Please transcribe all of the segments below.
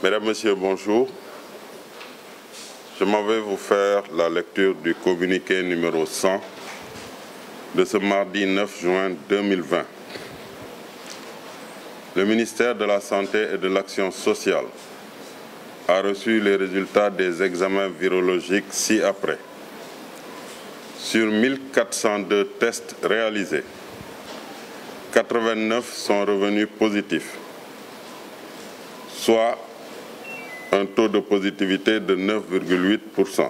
Mesdames, Messieurs, bonjour. Je m'en vais vous faire la lecture du communiqué numéro 100 de ce mardi 9 juin 2020. Le ministère de la Santé et de l'Action sociale a reçu les résultats des examens virologiques ci-après. Sur 1402 tests réalisés, 89 sont revenus positifs, soit un taux de positivité de 9,8%.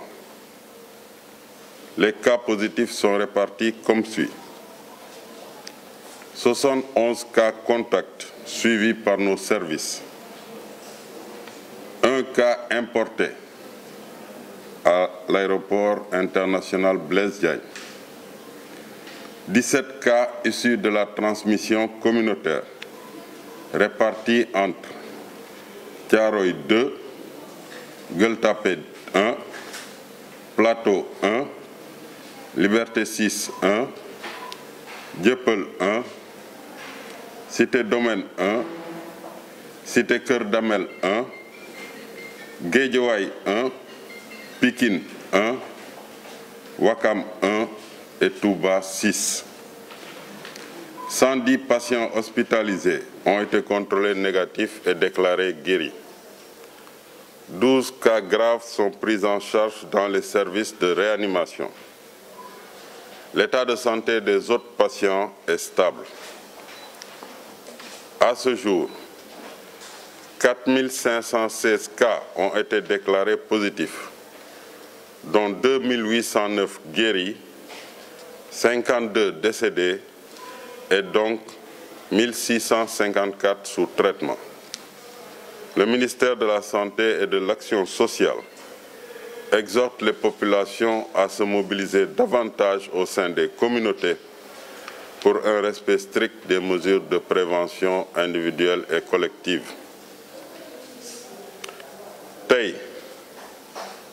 Les cas positifs sont répartis comme suit. 71 cas contacts suivis par nos services. Un cas importé à l'aéroport international Blaise Diagne. 17 cas issus de la transmission communautaire répartis entre Tiaroy 2, Gueule 1, Plateau 1, Liberté 6 1, Dieppel 1, Cité Domaine 1, Cité Cœur d'Amel 1, Guédiouaï 1, Pikine 1, Wakam 1 et Touba 6. 110 patients hospitalisés ont été contrôlés négatifs et déclarés guéris. 12 cas graves sont pris en charge dans les services de réanimation. L'état de santé des autres patients est stable. À ce jour, 4 516 cas ont été déclarés positifs, dont 809 guéris, 52 décédés et donc 654 sous traitement le ministère de la Santé et de l'Action sociale exhorte les populations à se mobiliser davantage au sein des communautés pour un respect strict des mesures de prévention individuelle et collective. Tei,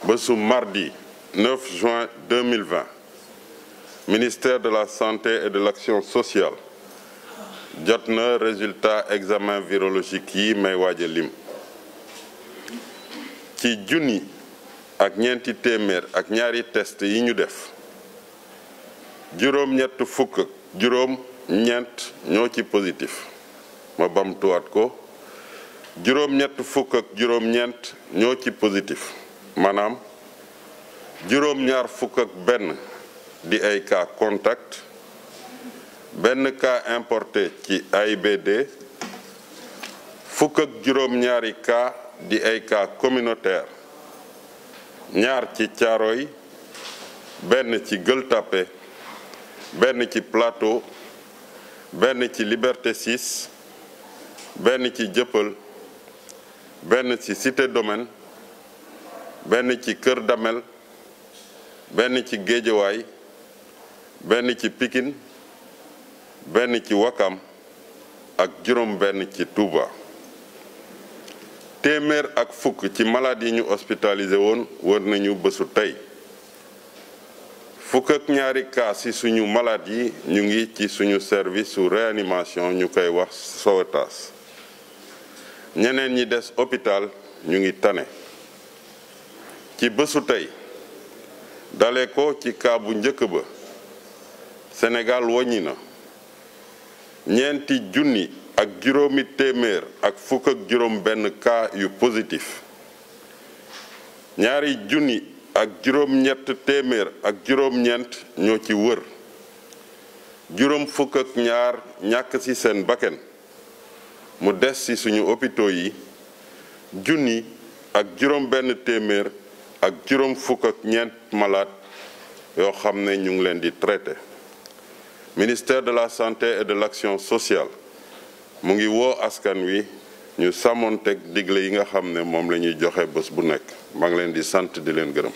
Bessou, mardi 9 juin 2020 ministère de la santé et de l'action sociale Jotner, résultat examen virologique yi may ci junni ak ñeenti téeméer ak ñaari test yi ñu def juróom-ñett fukk juróom ñeent ñoo ci positif ma bamtuwaat ko juróom ñoo ci positif maanaam juróom-ñaar fukk benn di ay kaa contact benn kaa importé ci ay fukk ak juróom-ñaari cas di ay cas communautaire ñaar ci tiaroy ben ci gël tapé ben ci plateau ben ci liberté 6 ben ci jëppël ben ci cité domaine ben ci cœur d'amel ben ci guédjeway ben ci pikine ben ci wakam ak juroom ben ci touba téeméer ak fukk ci malade yi ñu hospitalisé woon wër nañu bésu tey fukk ak ñaari cas ci suñu malade yi ñu ngi ci suñu service su réanimation ñu koy wax Sowétas ñeneen ñi des hôpital ñu ngi tane ci bésu tey dale ko ci cas bu njëkk ba Sénégal waññi na ñeenti junni ak juróomi téeméer ak fukk juróom benn cas yu positif ñaari junni ak juróom-ñett téeméer ak juróom-ñeent ñoo ci wër juróom fukk ñaar ñàkk ci seen bakken mu des ci suñu hôpitaux yi junni ak juróom benn téeméer ak juróom fukk ñeent malade yoo xam ne ñu ngi leen di traité ministère de la santé et de l'action sociale mu ngi woo askan wi ñu samonteeg digle yi nga xam ne moom la ñuy bu nekk maa ngi leen di sant di leen gërëm